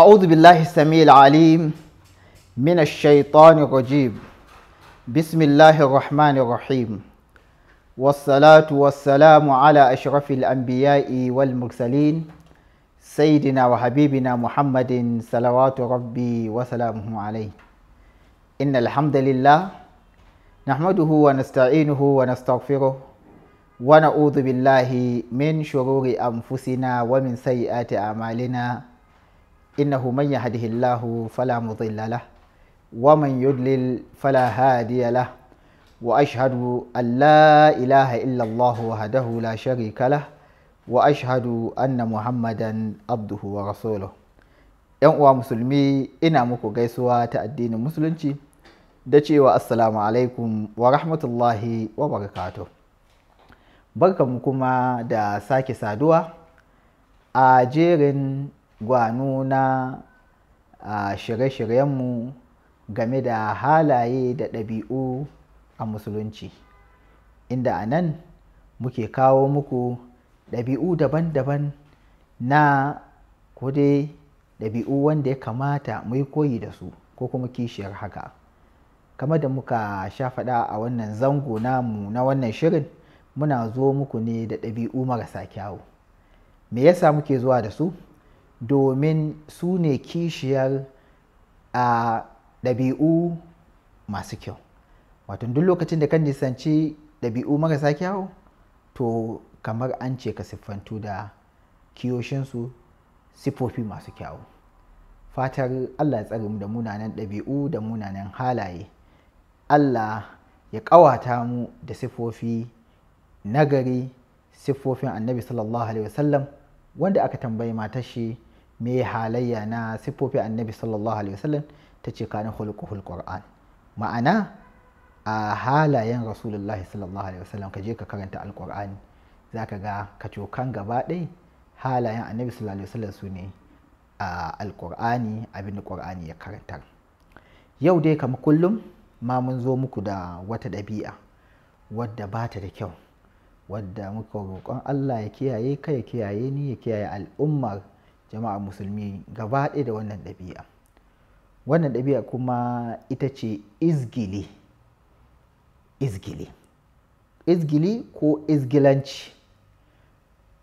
أعوذ بالله السميع العليم من الشيطان الرجيم بسم الله الرحمن الرحيم والصلاة والسلام على أشرف الأنبياء والمرسلين سيدنا وحبيبنا محمد صلوات ربي وسلامه عليه إن الحمد لله نحمده ونستعينه ونستغفره ونعوذ بالله من شرور أنفسنا ومن سيئات أعمالنا إنه من يهده الله فلا مضل له ومن يضلل فلا هادي له وأشهد أن لا إله إلا الله وحده لا شريك له وأشهد أن محمدا عبده ورسوله ‘Yan uwa musulmi ina muku gaisuwa ta addinin musulunci da cewa assalamu alaikum wa rahmatullahi wa barakatuh. Barkanmu kuma da sake saduwa a jerin gwano na shirye-shiryenmu game da halaye da ɗabi'u a musulunci inda a nan muke kawo muku ɗabi'u daban-daban na ko ɗabi'u wanda ya kamata mu yi koyi da su ko kuma kishiyar haka Kama da muka sha faɗa a wannan zango namu na wannan shirin muna zo muku ne da ɗabi'u marasa kyawu me yasa muke zuwa da su domin su ne kishiyar a ɗabi'u masu kyau wato duk lokacin da kan nisanci ɗabi'u marasa kyau to kamar an ce ka siffantu da kiyoshinsu siffofi masu kyau fatar allah ya tsare mu da munanan ɗabi'u da munanan halaye allah ya ƙawata mu da siffofi nagari siffofin annabi sallallahu alaihi wasallam wanda aka tambayi matar shi me halayya na siffofi annabi sallallahu alaihi wasallam ta ce kanin hulquhul qur'an ma'ana a halayen rasulullahi sallallahu alaihi wasallam ka je ka karanta alqur'ani ka ga ka cokan gaba ɗaya halayen annabi sallallahu alaihi wasallam su ne a alqur'ani abin da ya karantar yau dai kamar kullum ma mun zo muku da wata ɗabi'a wadda ba ta da kyau wadda muka roƙon Allah ya kiyaye ka ya kiyaye ni ya kiyaye al'ummar jama'a musulmi gaba ɗaya da wannan ɗabi'a wannan ɗabi'a kuma ita ce izgili izgili izgili ko izgilanci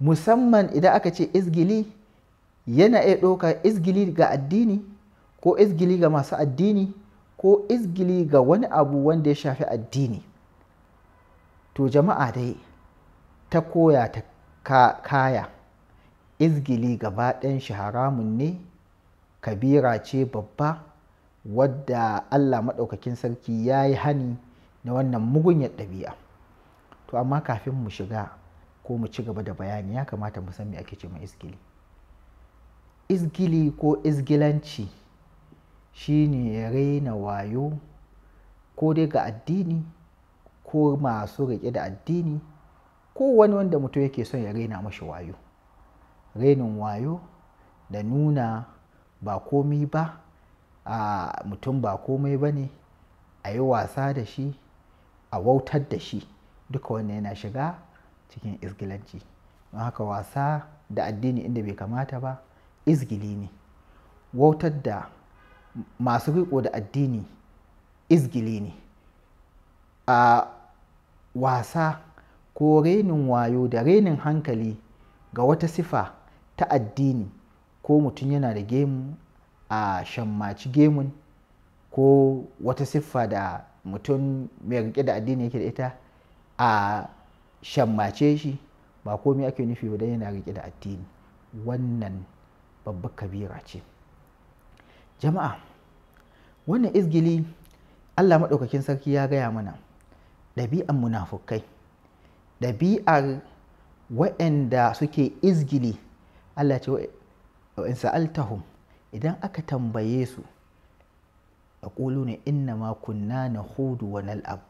musamman idan aka ce izgili yana iya ɗauka izgili ga addini ko izgili ga masu addini ko izgili ga wani abu wanda ya shafi addini to jama'a dai ta koya ta kaya izgili gaba ɗayan shi haramun ne kabira ce babba wadda allah maɗaukakin sarki ya yi hani na wannan mugunyar ɗabi'a to amma kafin mu shiga ko mu ci gaba da bayani ya kamata mu san me ake ce ma izgili izgili ko izgilanci shi shine raina wayo ko dai ga addini ko masu riƙe da addini ko wani wanda mutum yake son ya raina mashi wayo renin wayo da nuna ba komi ba a mutum ba komai ba ne a yi wasa da shi a wautar da shi duka wanda yana shiga cikin izgilanci don haka wasa da addini inda bai kamata ba izgili ne wautar da masu riko da addini izgili ne a wasa ko renin wayo da renin hankali ga wata sifa ta addini ko mutum yana da gemu a shammaci gemun ko wata siffa da mutum mai rike da addini yake da ita a shammace shi ba komai ake nufi ba yana rike da addini wannan babbar kabira ce jama'a wannan izgili allah maɗaukakin sarki ya gaya mana ɗabi'an munafukai ɗabi'ar waɗanda suke izgili Allah ce wa in sa'altahum idan aka tambaye su ƙulu ne inna ma kunna na nahudu wa nal'ab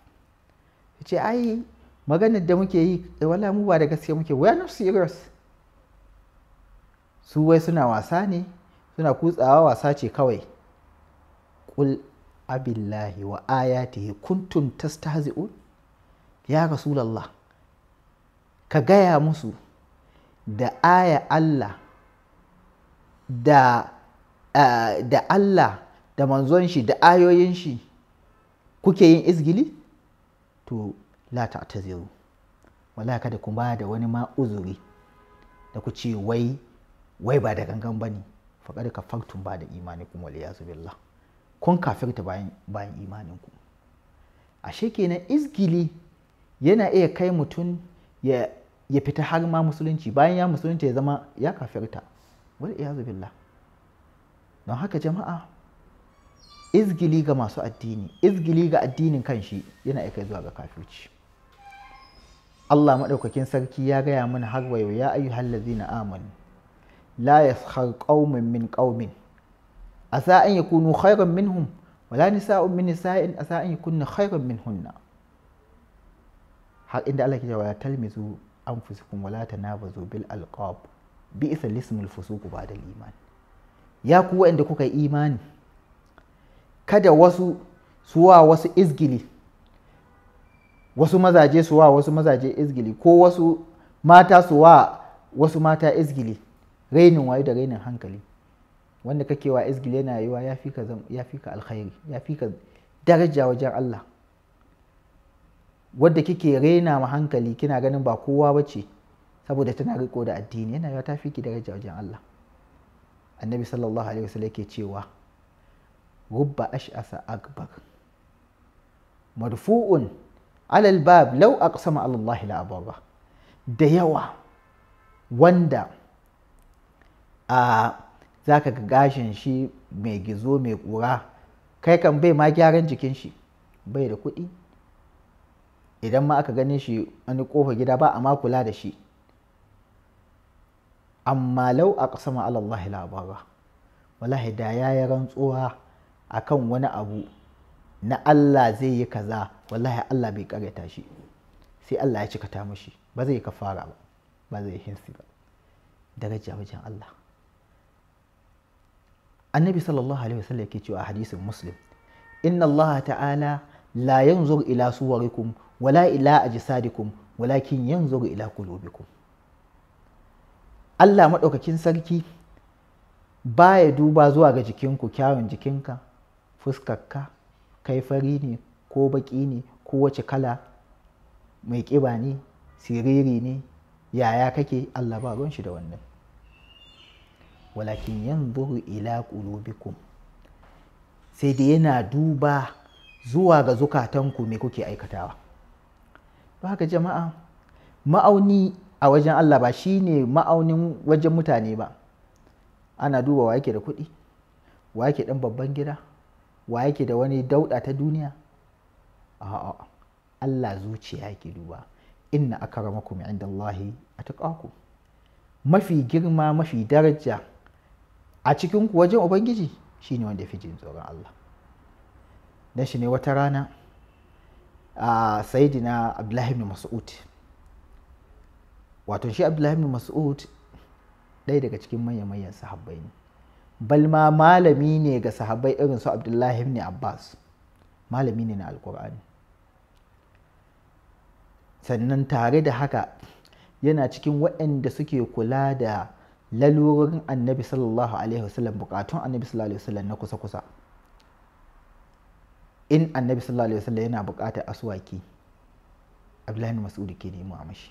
ce ai maganar da muke yi wala mu ba da gaske muke we are not serious su wai suna wasa ne suna kutsawa wasa ce kawai kul abillahi wa ayatihi kuntum tastahzi'un ya rasulallah ka gaya musu da aya Allah da uh, da Allah da manzon shi da ayoyin shi kuke yin izgili to la ta'taziru Wala kada ku ba da wani ma uzuri da ku ce wai wai ba da gangan bane faqad kafartum ba da imanikum wal ya billah kun kafirta bayan bayan imaninku ashe kenan izgili yana iya kai mutum ya ya fita har ma musulunci bayan ya musulunci ya zama ya kafirta wal iyazu billah don haka jama'a izgili ga masu addini izgili ga addinin kanshi yana aika zuwa ga kafirci Allah maɗaukakin sarki ya gaya mana har wayo ya ayyuhal hallazina Amani. la yaskhar qaumin min qaumin asa an yakunu khairan minhum wala nisa'un min nisa'in asa an yakunna khairan minhunna har inda Allah ke cewa talmizu anfusikum wala tanabazu bil alqab bi isa lismul fusuku ba da liman ya ku waɗanda kuka yi imani kada wasu suwa wasu izgili wasu mazaje suwa wasu mazaje izgili ko wasu mata suwa wasu mata izgili rainin wayo da rainin hankali wanda kake wa izgili yana yiwa ya fi ka alkhairi ya fi ka daraja wajen Allah wadda kike rena ma hankali kina ganin ba kowa ba ce saboda tana riko da addini yana yawa ta fi ki daraja wajen Allah annabi sallallahu alaihi wasallam yake cewa rubba ash'asa akbar marfu'un alal bab law aqsama Allah la abara da yawa wanda a zaka ga gashin shi mai gizo mai ƙura, kai kan bai ma gyaran jikin shi bai da kuɗi idan ma aka gane shi wani kofa gida ba a ma kula da shi amma lau a ƙasama alallahi labara wallahi da ya yi rantsuwa a kan wani abu na Allah zai yi kaza wallahi Allah bai karyata shi sai Allah ya cika ta mashi ba zai yi kafara ba ba zai hinsi ba daraja wajen Allah annabi sallallahu alaihi wasallam yake cewa a hadisin muslim inna Allah ta'ala la yanzur ila suwarikum wala ila ajsadikum walakin yanzuru ila qulubikum Allah maɗaukakin sarki baya duba zuwa ga jikinku kyawun jikinka fuskarka kai fari ne ko baƙi ne ko wace kala mai ƙiba ne siriri ne yaya kake Allah ba ruwan shi da wannan walakin yanzuru ila qulubikum sai dai yana duba zuwa ga zukatanku me kuke aikatawa ba ka jama'a ma'auni a wajen Allah ba shi ne ma'aunin wajen mutane ba ana duba wa yake da kuɗi wa yake ɗan babban gida wa yake da wani dauɗa ta duniya a'a Allah zuciya yake duba inna akramakum indallahi atqakum mafi girma mafi daraja a cikin wajen ubangiji ne wanda ya fi jin tsoron Allah Na shi ne wata rana uh, saidina abdullahi ibn mas'ud wato shi abdullahi ibn mas'ud ɗaya daga cikin manya-manyan sahabbai ne balma malami ne ga sahabbai irin su abdullahi ibn abbas malami ne na alkur'ani sannan tare da haka yana cikin waɗanda suke kula da lalurorin annabi sallallahu alaihi wasallam bukatun annabi sallallahu alaihi wasallam na kusa-kusa in annabi sallallahu alaihi wasallam yana buƙatar aswaki abdullahi mas'ud ke nemo a mashi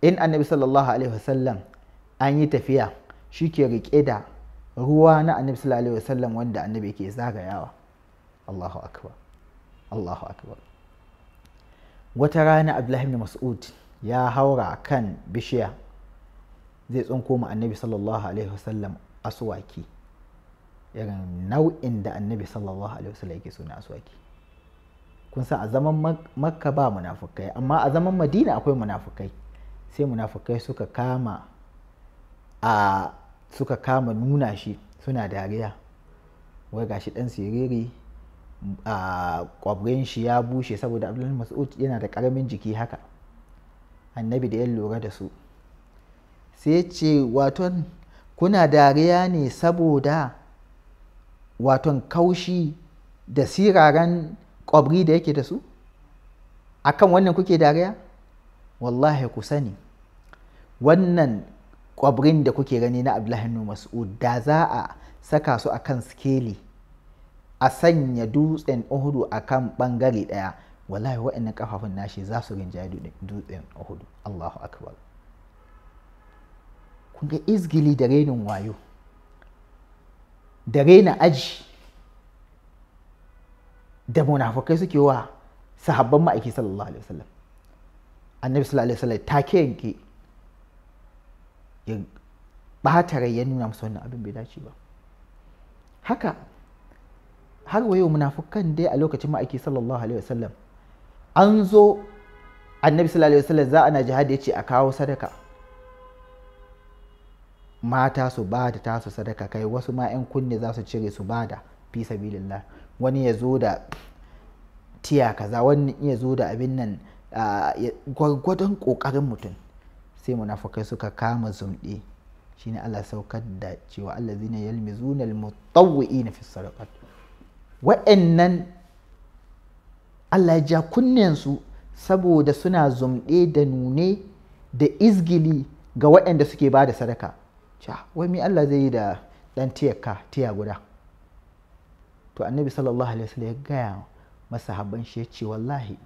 in annabi sallallahu alaihi wasallam an yi tafiya shi ke riƙe da ruwa na annabi sallallahu alaihi wasallam wanda annabi ke zagayawa Allahu akbar Allahu akbar wata rana abdullahi ibn mas'ud ya haura kan bishiya zai tsunko mu annabi sallallahu alaihi wasallam aswaki irin nau'in da annabi sallallahu alaihi wasallam yake so na aswaki kun sa a zaman makka ba munafukai amma a zaman madina akwai munafukai sai munafukai suka kama a suka kama nuna shi suna dariya wai gashi dan siriri a kwabrin shi ya bushe saboda abdullahi mas'ud yana da karamin jiki haka annabi da ya lura da su sai ce waton kuna dariya ne saboda waton kaushi da siraran ƙwabri da yake da su akan wannan kuke dariya wallahi ku sani wannan ƙwabrin da kuke gani na abdullahi mas'ud da za a saka su akan skeli a sanya dutsen uhudu akan ɓangare ɗaya wallahi waɗannan kafafun nashi za su rinjaya dutsen uhudu allahu akbar kun ga izgili da renin wayo da raina aji da munafukai suke wa sahabban ma'aiki sallallahu alaihi wasallam annabi sallallahu alaihi wasallam take yanke ya ɓata rai ya nuna musu wannan abin bai dace ba haka har wayo munafukan dai a lokacin ma'aiki sallallahu alaihi wasallam an zo annabi sallallahu alaihi wasallam za ana jihadi ya ce a kawo sadaka mata su bada tasu sadaka kai wasu ma 'yan kunne za su cire su bada, fi sabilillah wani ya zo da tiya kaza wani ya zo da abin nan gwargwadon kokarin mutum sai munafukai suka kama zumɗe shine Allah saukar da cewa Allah zina yalmizuna almutawwi'ina fi sadaqat wa'annan Allah ya ja kunnensu saboda suna zumɗe da nune da izgili ga waɗanda suke ba da sadaka ca wai mi Allah zai yi da dan tiyaka tiya guda to annabi sallallahu alaihi wasallam ya gaya masahabban shi ya ce wallahi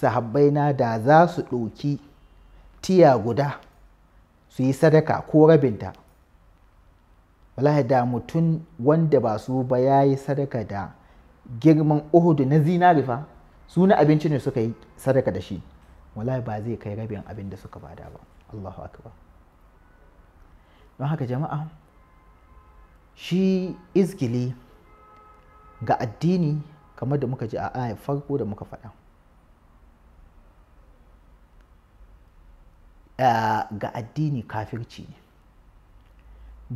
sahabbai na da za su ɗauki tiya guda su yi sadaka ko rabinta wallahi da mutum wanda ba su ba ya yi sadaka da girman uhudu na zinari fa su na abinci ne suka yi sadaka da shi wallahi ba zai kai rabin abin da suka bada ba Allahu akbar don haka jama'a shi izgili ga addini kamar da muka ji a ayar farko da muka faɗa ga addini kafirci ne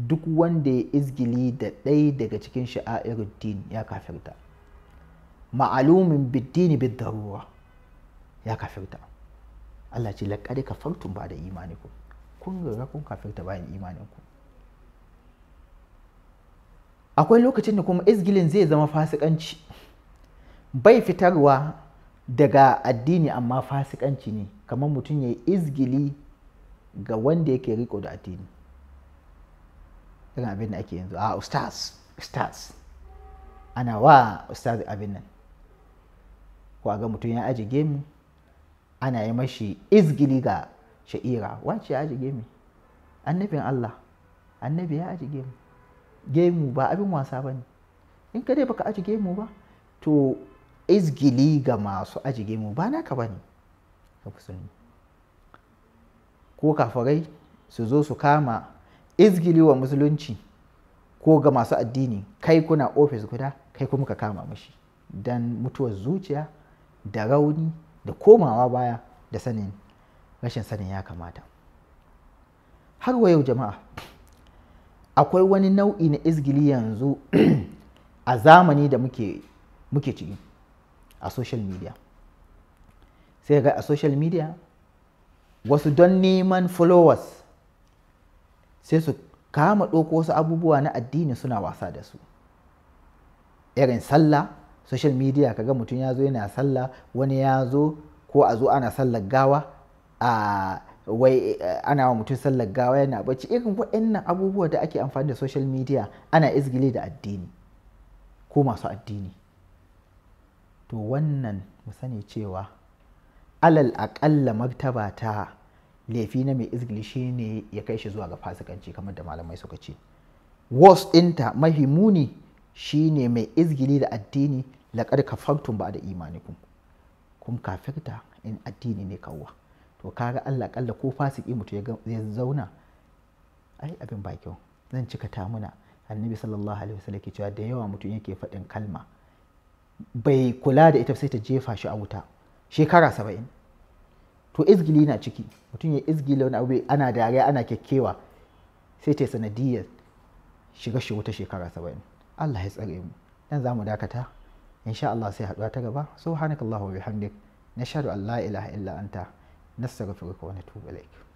duk wanda ya izgili da ɗaya daga cikin sha'a'ir din ya kafirta ma'alumin biddini bid ruwa ya kafirta Allah ce laƙari kafartun ba da imani ku kun lura kun ta bayan imanin ku akwai lokacin da kuma izgilin zai zama fasikanci bai fitarwa daga addini amma fasikanci ne kamar mutum ya yi izgili ga wanda yake riko da addini irin abin da ake yanzu a ah, ustaz ustaz ana wa ustaz abin nan ko ga mutum ya ajiye gemu ana yi mashi izgili ga sha'ira wace ya ajiye mu annabin Allah annabi ya ajiye mu gemu ba abin wasa ba in ka dai baka ajiye mu ba to izgili ga masu ajiye mu ba naka ba ka fi ko kafarai su zo su kama izgili wa musulunci ko ga masu addini kai kuna ofis guda kai kuma ka kama mashi don mutuwar zuciya da rauni da komawa baya da sanin rashin sanin ya kamata har wa yau jama'a akwai wani nau'i na izgili yanzu a zamani da muke ciki a social media sai ga a social media wasu don neman followers sai su kama ɗauko wasu abubuwa na addini suna wasa da su irin sallah social media ga mutum ya zo yana sallah wani ya zo ko a zo ana sallar gawa a wai eh, ana wa mutum sallar gawa yana bacci irin waɗannan abubuwa da ake amfani da social media ana izgili da addini ko masu addini to wannan mu sani cewa alal aƙalla martaba ta laifi na mai izgili ne ya kai shi zuwa ga fasikanci kamar da malamai suka ce wasu ɗinta mafi muni ne mai izgili da addini laƙar kafartun ba da imani kun kafirta in addini ne kawwa to kaga Allah kalla ko fasiki mutu ya zauna ai abin ba kyau zan cika ta muna annabi sallallahu alaihi wasallam ke cewa da yawa mutum yake faɗin kalma bai kula da ita sai ta jefa shi a wuta shekara saba'in to izgili na ciki mutum ya izgili wani abu ana dariya ana kyakkyawa sai ta sanadiyar shiga shi wuta shekara saba'in Allah ya tsare mu nan za mu dakata insha Allah sai haɗuwa ta gaba subhanakallahu wa bihamdik nashhadu an la ilaha illa anta نستغفرك ونتوب إليك